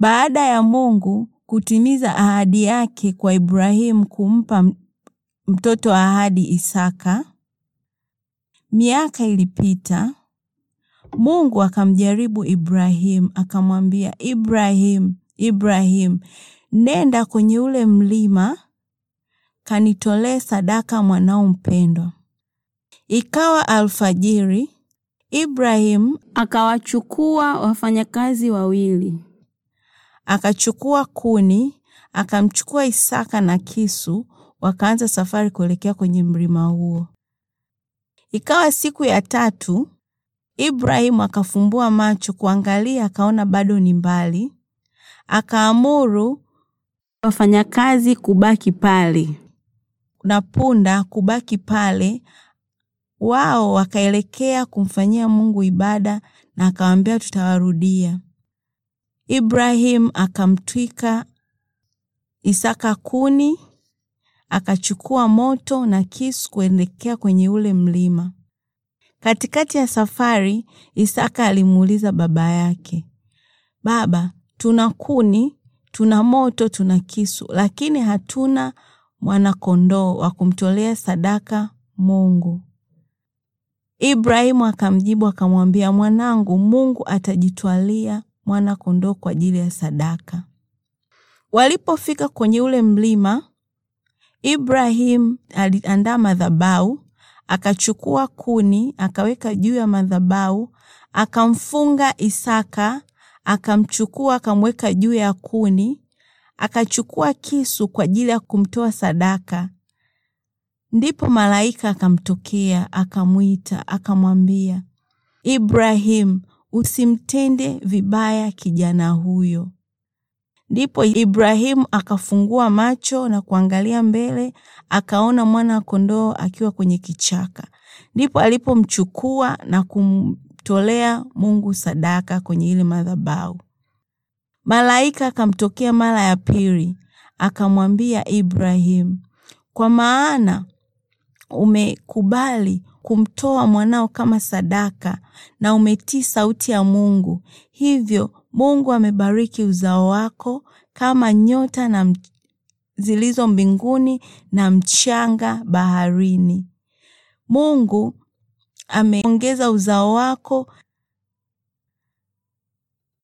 Baada ya Mungu kutimiza ahadi yake kwa Ibrahimu kumpa mtoto wa ahadi Isaka, miaka ilipita. Mungu akamjaribu Ibrahimu, akamwambia Ibrahimu, Ibrahimu, nenda kwenye ule mlima kanitolee sadaka mwanao mpendwa. Ikawa alfajiri, Ibrahimu akawachukua wafanyakazi wawili Akachukua kuni, akamchukua Isaka na kisu, wakaanza safari kuelekea kwenye mlima huo. Ikawa siku ya tatu, Ibrahimu akafumbua macho kuangalia, akaona bado ni mbali. Akaamuru wafanyakazi kubaki pale na punda kubaki pale. Wao wakaelekea kumfanyia Mungu ibada, na akawaambia tutawarudia. Ibrahim akamtwika Isaka kuni, akachukua moto na kisu kuelekea kwenye ule mlima. Katikati ya safari, Isaka alimuuliza baba yake, Baba, tuna kuni, tuna moto, tuna kisu, lakini hatuna mwanakondoo wa kumtolea sadaka Mungu. Ibrahimu akamjibu akamwambia, mwanangu, Mungu atajitwalia mwana-kondoo kwa ajili ya sadaka. Walipofika kwenye ule mlima, Ibrahim aliandaa madhabau akachukua kuni akaweka juu ya madhabau akamfunga Isaka, akamchukua akamweka juu ya kuni, akachukua kisu kwa ajili ya kumtoa sadaka. Ndipo malaika akamtokea akamwita, akamwambia Ibrahim, usimtende vibaya kijana huyo. Ndipo Ibrahimu akafungua macho na kuangalia mbele, akaona mwana kondoo akiwa kwenye kichaka. Ndipo alipomchukua na kumtolea Mungu sadaka kwenye ile madhabahu. Malaika akamtokea mara ya pili, akamwambia Ibrahimu, kwa maana umekubali kumtoa mwanao kama sadaka na umetii sauti ya Mungu. Hivyo Mungu amebariki uzao wako kama nyota na zilizo mbinguni na mchanga baharini. Mungu ameongeza uzao wako